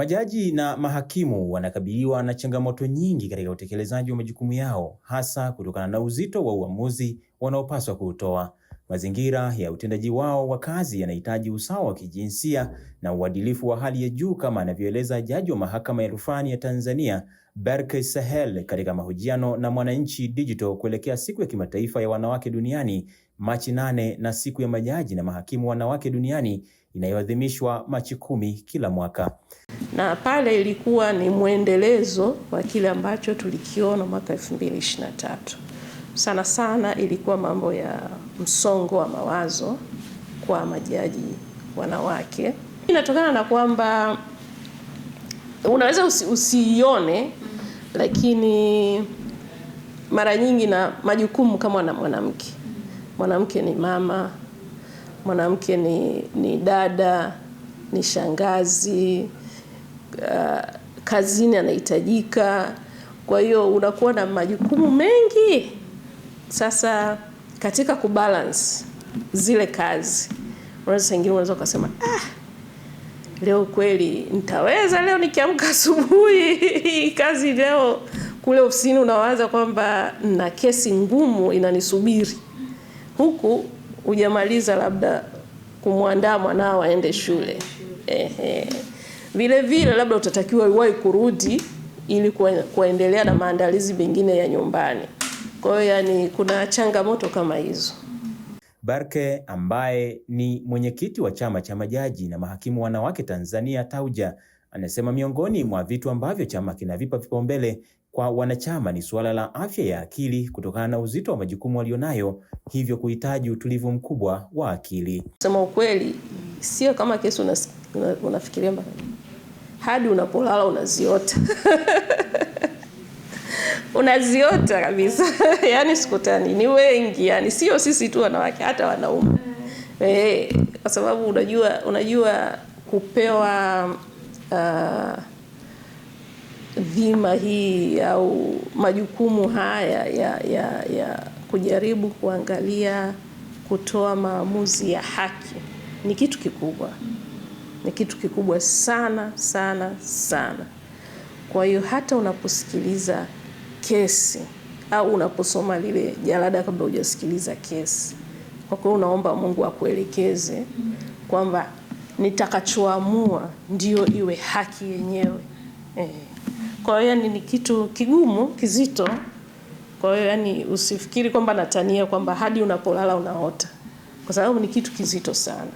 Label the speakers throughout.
Speaker 1: Majaji na mahakimu wanakabiliwa na changamoto nyingi katika utekelezaji wa majukumu yao, hasa kutokana na uzito wa uamuzi wanaopaswa kuutoa. Mazingira ya utendaji wao wa kazi yanahitaji usawa wa kijinsia na uadilifu wa hali ya juu, kama anavyoeleza jaji wa Mahakama ya Rufani ya Tanzania, Berke Sahel katika mahojiano na Mwananchi Digital kuelekea Siku ya Kimataifa ya Wanawake Duniani Machi nane na Siku ya Majaji na Mahakimu Wanawake Duniani inayoadhimishwa Machi kumi kila mwaka,
Speaker 2: na pale ilikuwa ni mwendelezo wa kile ambacho tulikiona mwaka 2023. Sana sana ilikuwa mambo ya msongo wa mawazo kwa majaji wanawake. Inatokana na kwamba unaweza usi, usiione lakini mara nyingi na majukumu kama na mwanamke, mwanamke ni mama, mwanamke ni, ni dada, ni shangazi, uh, kazini anahitajika. Kwa hiyo unakuwa na majukumu mengi. Sasa katika kubalance zile kazi, unaweza saa ingine unaweza ukasema ah, leo kweli nitaweza, leo nikiamka asubuhi kazi leo kule ofisini unawaza kwamba na kesi ngumu inanisubiri huku hujamaliza labda kumwandaa mwanao aende shule. Ehe. Vile vile labda utatakiwa iwahi kurudi ili kuendelea na maandalizi mengine ya nyumbani. Kwa hiyo yani, kuna changamoto kama hizo.
Speaker 1: Barke ambaye ni mwenyekiti wa chama cha majaji na mahakimu wanawake Tanzania, TAUJA, anasema miongoni mwa vitu ambavyo chama kinavipa vipaumbele kwa wanachama ni suala la afya ya akili kutokana na uzito wa majukumu walionayo, hivyo kuhitaji utulivu mkubwa wa akili.
Speaker 2: Sema ukweli, sio kama kesi una, una, unafikiria mpaka hadi unapolala unaziota unaziota kabisa yani sikutani, ni wengi yani, sio sisi tu wanawake, hata wanaume eh, kwa sababu unajua unajua kupewa uh, dhima hii au majukumu haya ya, ya, ya kujaribu kuangalia kutoa maamuzi ya haki ni kitu kikubwa, ni kitu kikubwa sana sana sana. Kwa hiyo hata unaposikiliza kesi au unaposoma lile jalada kabla hujasikiliza kesi, kwa kweli unaomba Mungu akuelekeze kwamba nitakachoamua ndio iwe haki yenyewe eh. Kwa hiyo yani ni kitu kigumu kizito. Kwa hiyo yani usifikiri kwamba natania kwamba hadi unapolala unaota, kwa sababu ni kitu kizito sana.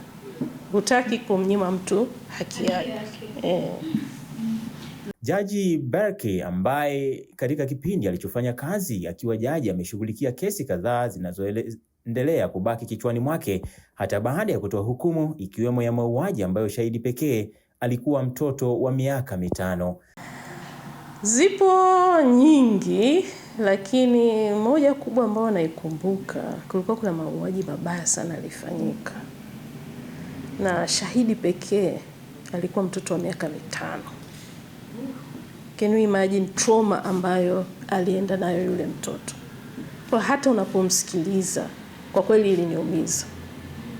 Speaker 2: Hutaki kumnyima mtu haki yake eh.
Speaker 1: Jaji Berke ambaye katika kipindi alichofanya kazi akiwa jaji ameshughulikia kesi kadhaa zinazoendelea kubaki kichwani mwake hata baada ya kutoa hukumu, ikiwemo ya mauaji ambayo shahidi pekee alikuwa mtoto wa miaka mitano.
Speaker 2: Zipo nyingi lakini moja kubwa ambayo naikumbuka, kulikuwa kuna mauaji mabaya sana yalifanyika, na shahidi pekee alikuwa mtoto wa miaka mitano. Can you imagine trauma ambayo alienda nayo yule mtoto? Kwa hata unapomsikiliza kwa kweli iliniumiza,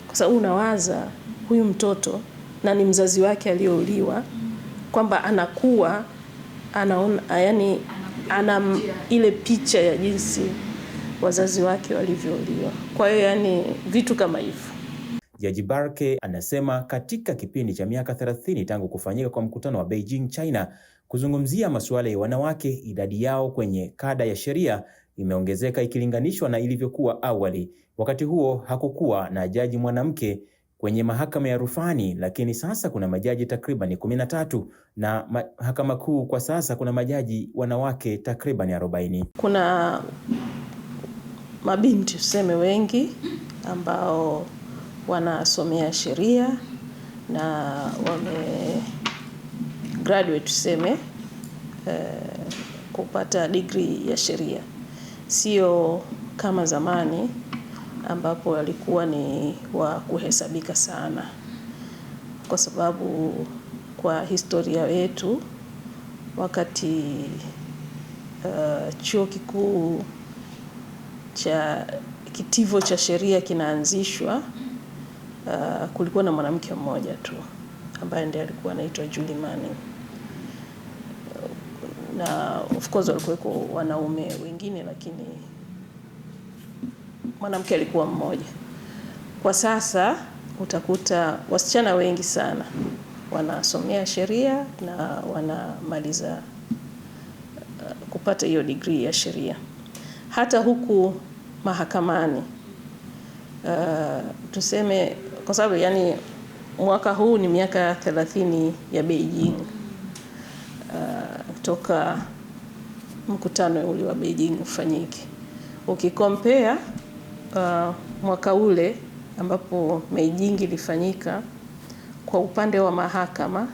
Speaker 2: kwa sababu unawaza huyu mtoto na ni mzazi wake aliyouliwa, kwamba anakuwa anaona yani, ana ile picha ya jinsi wazazi wake walivyouliwa. Kwa hiyo yani vitu kama hivyo.
Speaker 1: Jaji Barke anasema katika kipindi cha miaka 30 tangu kufanyika kwa mkutano wa Beijing China kuzungumzia masuala ya wanawake, idadi yao kwenye kada ya sheria imeongezeka ikilinganishwa na ilivyokuwa awali. Wakati huo hakukuwa na jaji mwanamke kwenye mahakama ya rufani, lakini sasa kuna majaji takriban kumi na na mahakama kuu kwa sasa kuna majaji wanawake takriban 40.
Speaker 2: Kuna mabinti tuseme wengi ambao wanasomea sheria na wame graduate tuseme eh, kupata degree ya sheria, sio kama zamani ambapo walikuwa ni wa kuhesabika sana, kwa sababu kwa historia yetu wakati uh, chuo kikuu cha kitivo cha sheria kinaanzishwa, uh, kulikuwa na mwanamke mmoja tu ambaye ndiye alikuwa anaitwa Julie Manning na of course walikuwa wanaume wengine lakini mwanamke alikuwa mmoja. Kwa sasa utakuta wasichana wengi sana wanasomea sheria na wanamaliza uh, kupata hiyo degree ya sheria. Hata huku mahakamani uh, tuseme kwa sababu yani mwaka huu ni miaka 30 ya Beijing uh, toka mkutano ule wa Beijing ufanyike, ukikompea uh, mwaka ule ambapo Meijing ilifanyika, kwa upande wa mahakama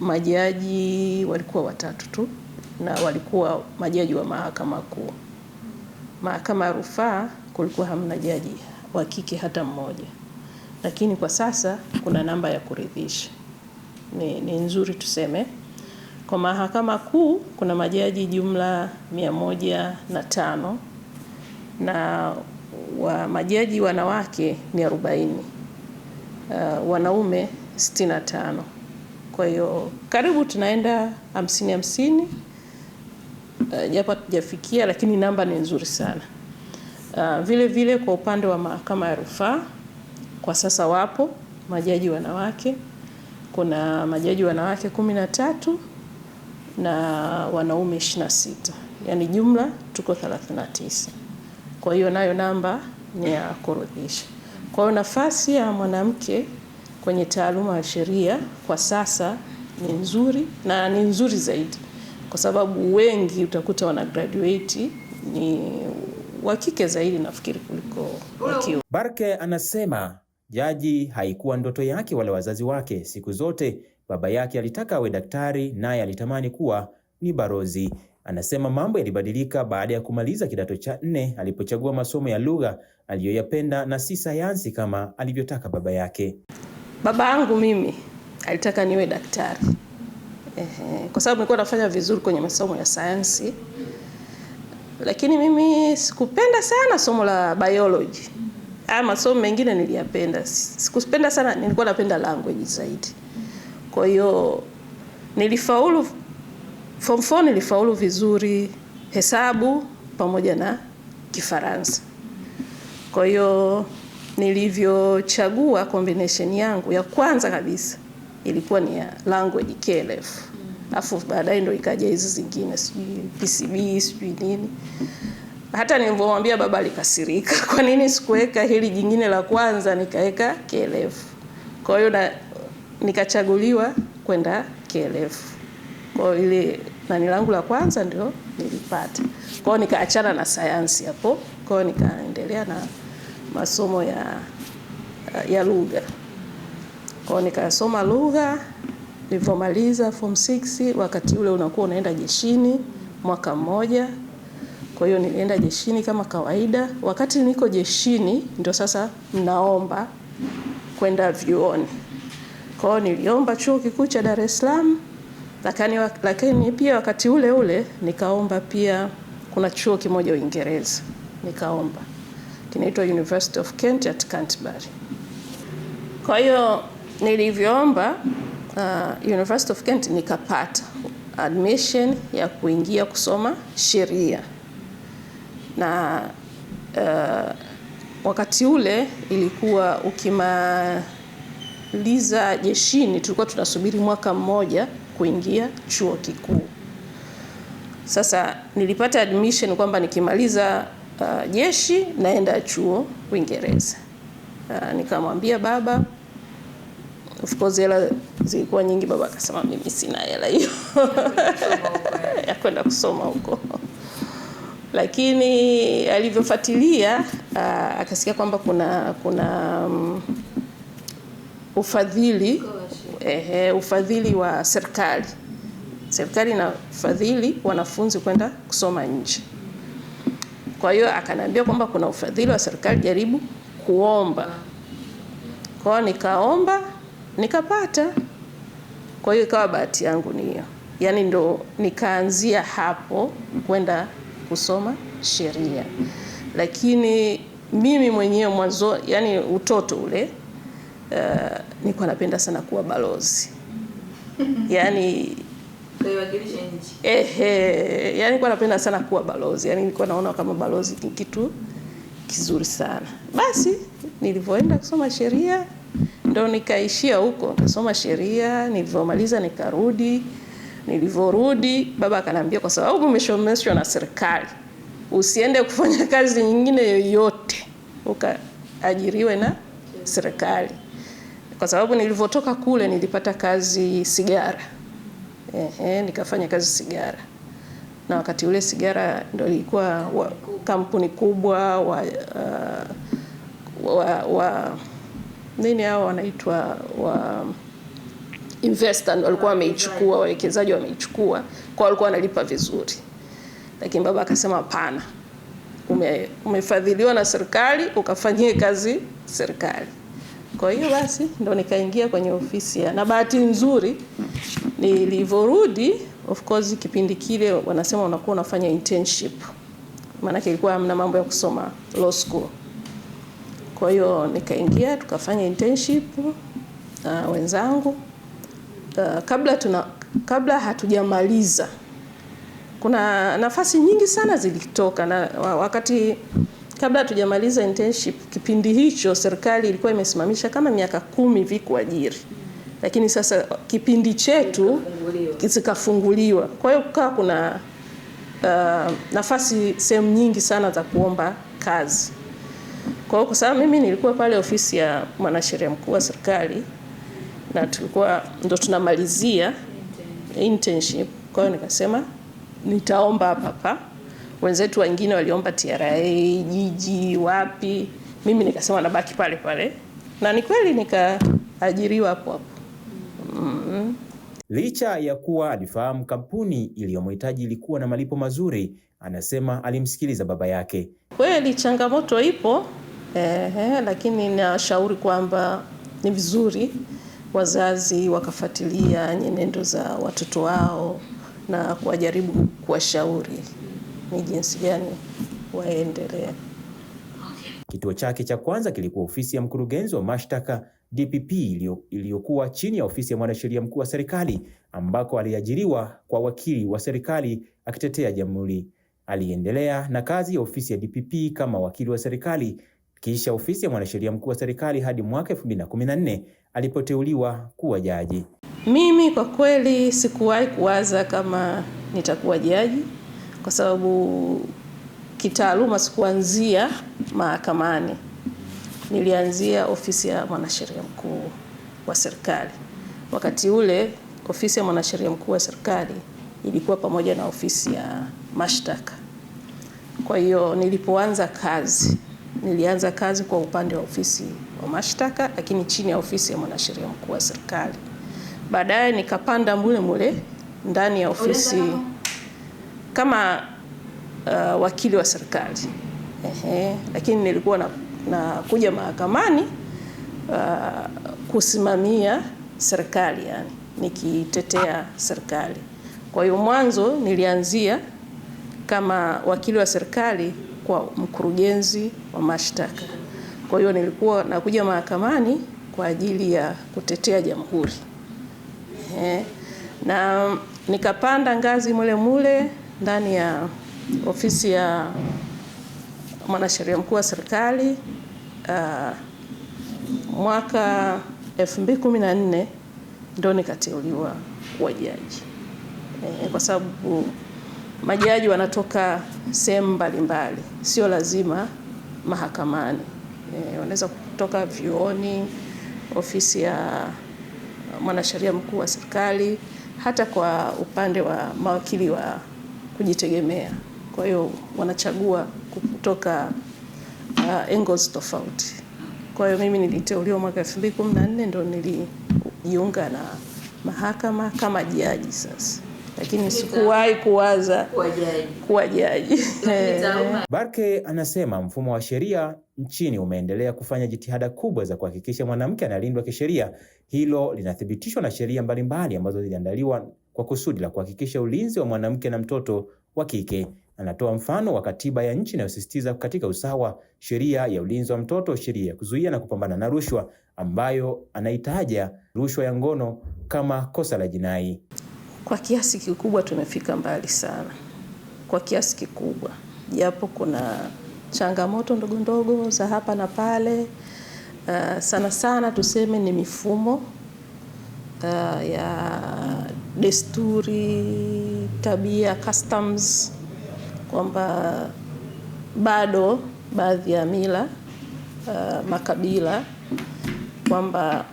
Speaker 2: majaji walikuwa watatu tu na walikuwa majaji wa mahakama kuu. Mahakama ya rufaa kulikuwa hamna jaji wa kike hata mmoja, lakini kwa sasa kuna namba ya kuridhisha, ni, ni nzuri tuseme. Kwa mahakama kuu kuna majaji jumla mia moja na tano na wa majaji wanawake ni 40, uh, wanaume 65. Kwa hiyo karibu tunaenda hamsini hamsini, uh, japo hatujafikia, lakini namba ni nzuri sana. Uh, vile vile kwa upande wa mahakama ya rufaa kwa sasa wapo majaji wanawake, kuna majaji wanawake kumi na tatu na wanaume 26, yaani jumla tuko 39. Kwa hiyo nayo namba ni ya kurudhisha Kwa hiyo nafasi ya mwanamke kwenye taaluma ya sheria kwa sasa ni nzuri na ni nzuri zaidi, kwa sababu wengi utakuta wana graduate ni wa kike zaidi nafikiri kuliko wa
Speaker 1: kiume. Barke anasema jaji haikuwa ndoto yake wala wazazi wake. Siku zote baba yake alitaka awe daktari, naye alitamani kuwa ni barozi. Anasema mambo yalibadilika baada ya kumaliza kidato cha nne alipochagua masomo ya lugha aliyoyapenda na si sayansi kama alivyotaka baba yake.
Speaker 2: Baba yangu mimi alitaka niwe daktari ehe, kwa sababu nilikuwa nafanya vizuri kwenye masomo ya sayansi, lakini mimi sikupenda sana somo la biology. Haya masomo mengine niliyapenda, sikupenda sana, nilikuwa napenda language zaidi. Kwa hiyo nilifaulu Form 4 nilifaulu vizuri hesabu pamoja na Kifaransa. Kwa hiyo nilivyochagua combination yangu ya kwanza kabisa ilikuwa ni ya language KLF, alafu baadaye ndo ikaja hizi zingine, sijui PCB sijui nini. Hata nilivyomwambia baba alikasirika, kwa nini sikuweka hili jingine la kwanza, nikaweka KLF. Kwa hiyo na nikachaguliwa kwenda KLF. Kwa ile na nilangu la kwanza ndio nilipata. Kwao nikaachana na sayansi hapo, kwao nikaendelea na masomo ya, ya lugha. Kwao nikasoma lugha, nilivyomaliza form 6 wakati ule unakuwa unaenda jeshini mwaka mmoja. Kwa hiyo nilienda jeshini kama kawaida. Wakati niko jeshini ndio sasa mnaomba kwenda vyuoni. Kwao niliomba chuo kikuu cha Dar es Salaam lakini, lakini pia wakati ule ule nikaomba pia, kuna chuo kimoja Uingereza nikaomba kinaitwa University of Kent at Canterbury. Kwa hiyo nilivyoomba uh, University of Kent nikapata admission ya kuingia kusoma sheria na uh, wakati ule ilikuwa ukimaliza jeshini tulikuwa tunasubiri mwaka mmoja kuingia chuo kikuu. Sasa nilipata admission kwamba nikimaliza uh, jeshi naenda chuo Uingereza. Uh, nikamwambia baba, of course hela zilikuwa nyingi. Baba akasema mimi sina hela hiyo ya kwenda kusoma huko lakini alivyofuatilia uh, akasikia kwamba kuna kuna um, ufadhili ehe, ufadhili wa serikali. Serikali inafadhili wanafunzi kwenda kusoma nje. Kwa hiyo akaniambia kwamba kuna ufadhili wa serikali, jaribu kuomba. Kwa hiyo nikaomba nikapata. Kwa hiyo ikawa bahati yangu ni hiyo, yaani ndo nikaanzia hapo kwenda kusoma sheria, lakini mimi mwenyewe mwanzo, yani utoto ule uh, eh, nilikuwa napenda sana kuwa balozi yani eh, yani nilikuwa napenda sana kuwa balozi yani nilikuwa naona kama balozi ni kitu kizuri sana. Basi nilivyoenda kusoma sheria ndo nikaishia huko, nikasoma sheria. Nilivyomaliza nikarudi. Nilivyorudi baba akanambia, kwa sababu umeshomeshwa na serikali usiende kufanya kazi nyingine yoyote, ukaajiriwe na serikali kwa sababu nilivyotoka kule nilipata kazi sigara. Ehe, eh, nikafanya kazi sigara, na wakati ule sigara ndio ilikuwa kampuni kubwa wa, uh, wa, wa nini hao wanaitwa wa investor ndio walikuwa wameichukua, wawekezaji wameichukua, kwa walikuwa wanalipa vizuri, lakini baba akasema hapana, ume, umefadhiliwa na serikali ukafanyie kazi serikali. Kwa hiyo basi ndo nikaingia kwenye ofisi ya, na bahati nzuri nilivyorudi, of course kipindi kile wanasema unakuwa unafanya internship, maanake ilikuwa hamna mambo ya kusoma law school. Kwa hiyo nikaingia tukafanya internship uh, wenzangu uh, kabla tuna kabla hatujamaliza kuna nafasi nyingi sana zilitoka na wakati kabla hatujamaliza internship, kipindi hicho serikali ilikuwa imesimamisha kama miaka kumi ajiri lakini sasa kipindi chetu zikafunguliwa. Kwa hiyo kukawa kuna uh, nafasi sehemu nyingi sana za kuomba kazi. Kwa hiyo kwa sababu mimi nilikuwa pale ofisi ya mwanasheria mkuu wa serikali na tulikuwa ndo tunamalizia internship, kwa hiyo nikasema nitaomba hapa hapa wenzetu wengine waliomba TRA jiji wapi, mimi nikasema nabaki pale pale, na ni kweli nikaajiriwa hapo hapo.
Speaker 1: Mm. Licha ya kuwa alifahamu kampuni iliyomhitaji ilikuwa na malipo mazuri, anasema alimsikiliza baba yake.
Speaker 2: Kweli changamoto ipo eh, lakini nashauri kwamba ni vizuri wazazi wakafuatilia nyenendo za watoto wao na kuwajaribu kuwashauri ni jinsi gani waendelee.
Speaker 1: Kituo chake cha kwanza kilikuwa ofisi ya mkurugenzi wa mashtaka DPP iliyokuwa chini ya ofisi ya mwanasheria mkuu wa serikali ambako aliajiriwa kwa wakili wa serikali akitetea jamhuri. Aliendelea na kazi ya ofisi ya DPP kama wakili wa serikali kisha ofisi ya mwanasheria mkuu wa serikali hadi mwaka 2014 alipoteuliwa kuwa jaji.
Speaker 2: Mimi kwa kweli sikuwahi kuwaza kama nitakuwa jaji kwa sababu kitaaluma sikuanzia mahakamani, nilianzia ofisi ya mwanasheria mkuu wa serikali. Wakati ule ofisi ya mwanasheria mkuu wa serikali ilikuwa pamoja na ofisi ya mashtaka. Kwa hiyo nilipoanza kazi, nilianza kazi kwa upande wa ofisi wa mashtaka, lakini chini ya ofisi ya mwanasheria mkuu wa serikali. Baadaye nikapanda mule mule ndani ya ofisi kama uh, wakili wa serikali ehe, lakini nilikuwa na kuja mahakamani uh, kusimamia serikali yani, nikitetea serikali. Kwa hiyo mwanzo nilianzia kama wakili wa serikali kwa mkurugenzi wa mashtaka. Kwa hiyo nilikuwa nakuja mahakamani kwa ajili ya kutetea jamhuri eh, na nikapanda ngazi mule mule ndani ya ofisi ya mwanasheria mkuu wa serikali uh, mwaka 2014 ndio nikateuliwa kuwa jaji e, kwa sababu majaji wanatoka sehemu mbalimbali, sio lazima mahakamani e, wanaweza kutoka vyuoni, ofisi ya mwanasheria mkuu wa serikali, hata kwa upande wa mawakili wa kujitegemea. Kwa hiyo wanachagua kutoka uh, angles tofauti. Kwa hiyo mimi niliteuliwa mwaka 2014 ndio nilijiunga na mahakama kama jaji sasa lakini sikuwahi kuwaza kuwa jaji.
Speaker 1: Barke anasema mfumo wa sheria nchini umeendelea kufanya jitihada kubwa za kuhakikisha mwanamke analindwa kisheria. Hilo linathibitishwa na sheria mbalimbali ambazo ziliandaliwa kwa kusudi la kuhakikisha ulinzi wa mwanamke na mtoto wa kike. Anatoa mfano wa katiba ya nchi inayosisitiza katika usawa, sheria ya ulinzi wa mtoto, sheria ya kuzuia na kupambana na rushwa, ambayo anaitaja rushwa ya ngono kama kosa la jinai.
Speaker 2: Kwa kiasi kikubwa tumefika mbali sana, kwa kiasi kikubwa, japo kuna changamoto ndogo ndogo za hapa na pale. Uh, sana sana tuseme ni mifumo uh, ya desturi, tabia, customs, kwamba bado baadhi ya mila uh, makabila kwamba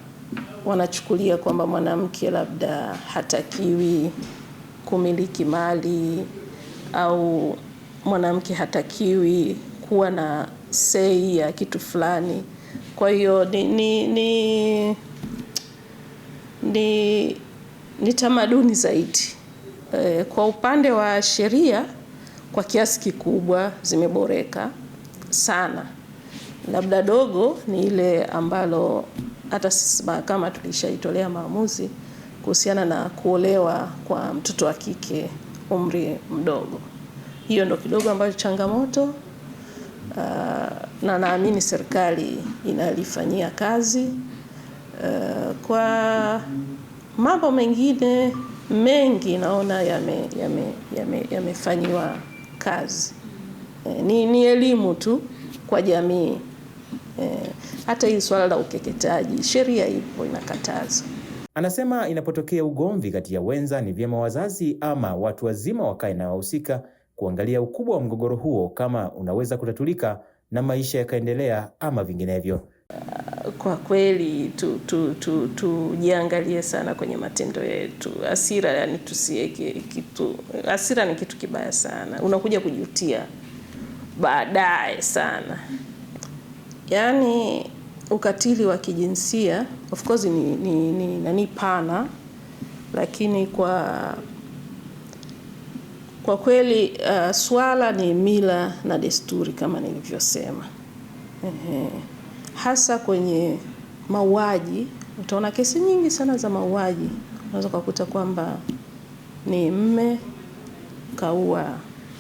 Speaker 2: wanachukulia kwamba mwanamke labda hatakiwi kumiliki mali au mwanamke hatakiwi kuwa na sei ya kitu fulani. Kwa hiyo ni, ni, ni ni, ni tamaduni zaidi. E, kwa upande wa sheria kwa kiasi kikubwa zimeboreka sana, labda dogo ni ile ambalo hata sisi mahakama tulishaitolea maamuzi kuhusiana na kuolewa kwa mtoto wa kike umri mdogo. Hiyo ndo kidogo ambayo changamoto uh, na naamini serikali inalifanyia kazi. Eh, kwa mambo mengine mengi naona yamefanyiwa yame, yame, yame kazi. E, ni, ni elimu tu kwa jamii e, hata hili swala la ukeketaji sheria ipo inakataza.
Speaker 1: Anasema inapotokea ugomvi kati ya wenza, ni vyema wazazi ama watu wazima wakae na wahusika kuangalia ukubwa wa mgogoro huo, kama unaweza kutatulika na maisha yakaendelea ama vinginevyo.
Speaker 2: Kwa kweli tujiangalie tu, tu, tu, sana kwenye matendo yetu. Hasira yani tusiweke kitu, hasira ni kitu kibaya sana, unakuja kujutia baadaye sana. Yani ukatili wa kijinsia of course ni, ni, ni nani pana, lakini kwa kwa kweli uh, swala ni mila na desturi kama nilivyosema. Ehe hasa kwenye mauaji. Utaona kesi nyingi sana za mauaji, unaweza kukuta kwamba ni mme kaua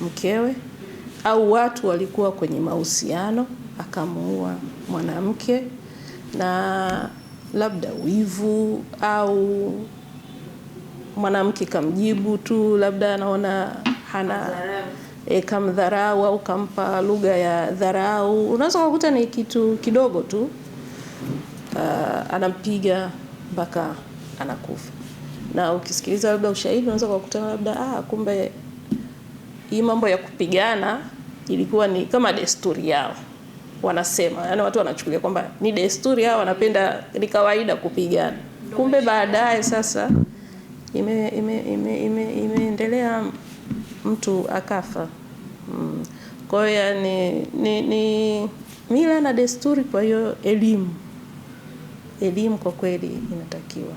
Speaker 2: mkewe au watu walikuwa kwenye mahusiano akamuua mwanamke, na labda wivu au mwanamke kamjibu tu, labda anaona hana e, kamdharau au kampa lugha ya dharau. Unaweza kukuta ni kitu kidogo tu, uh, anampiga mpaka anakufa. Na ukisikiliza labda ushahidi unaweza kukuta labda ah, kumbe hii mambo ya kupigana ilikuwa ni kama desturi yao wanasema yani, watu wanachukulia kwamba ni desturi yao wanapenda ni kawaida kupigana. Kumbe baadaye sasa imeendelea ime, ime, ime, ime mtu akafa mm. Kwa hiyo yani ni, ni mila na desturi. Kwa hiyo elimu elimu kwa kweli inatakiwa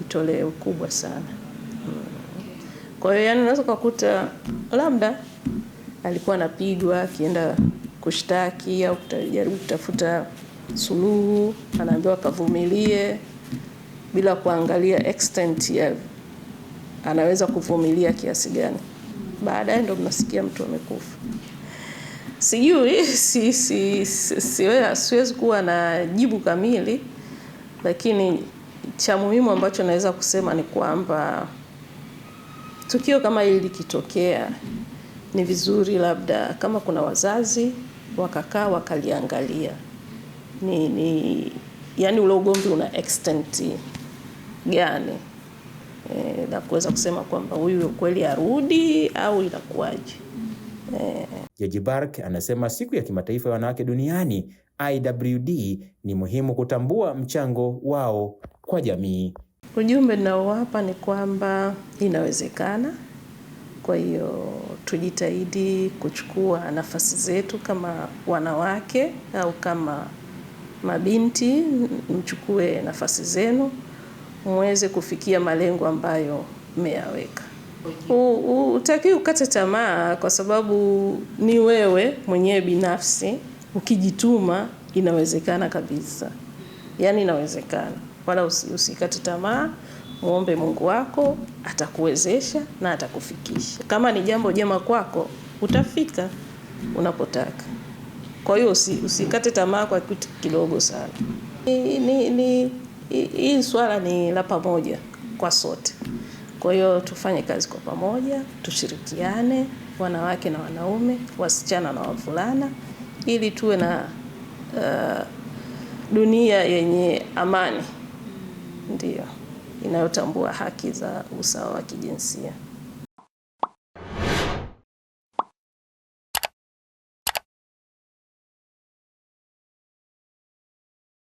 Speaker 2: itolewe ukubwa sana mm. Kwa hiyo yani unaweza kukuta labda alikuwa anapigwa akienda kushtaki au kujaribu kutafuta suluhu, anaambiwa kavumilie bila kuangalia extent ya anaweza kuvumilia kiasi gani. Baadaye ndo mnasikia mtu amekufa. Sijui si, si, si, siwezi kuwa na jibu kamili, lakini cha muhimu ambacho naweza kusema ni kwamba tukio kama hili likitokea, ni vizuri labda kama kuna wazazi wakakaa wakaliangalia ni, ni yani ule ugomvi una extent gani? e, na kuweza kusema kwamba huyu kweli arudi au inakuwaje.
Speaker 1: E. Bark anasema siku ya kimataifa ya wanawake duniani IWD ni muhimu kutambua mchango wao kwa jamii.
Speaker 2: Ujumbe ninaowapa ni kwamba inawezekana. Kwa hiyo tujitahidi kuchukua nafasi zetu kama wanawake au kama mabinti, mchukue nafasi zenu muweze kufikia malengo ambayo mmeyaweka. Utaki ukate tamaa, kwa sababu ni wewe mwenyewe binafsi ukijituma, inawezekana kabisa, yaani inawezekana, wala usikate tamaa. Muombe Mungu wako, atakuwezesha na atakufikisha. Kama ni jambo jema kwako, utafika unapotaka. Kwa hiyo usikate tamaa kwa kitu kidogo sana. Ni, ni, ni hii swala ni la pamoja kwa sote. Kwa hiyo tufanye kazi kwa pamoja, tushirikiane, wanawake na wanaume, wasichana na wavulana, ili tuwe na uh, dunia yenye amani, ndiyo inayotambua haki za usawa wa kijinsia.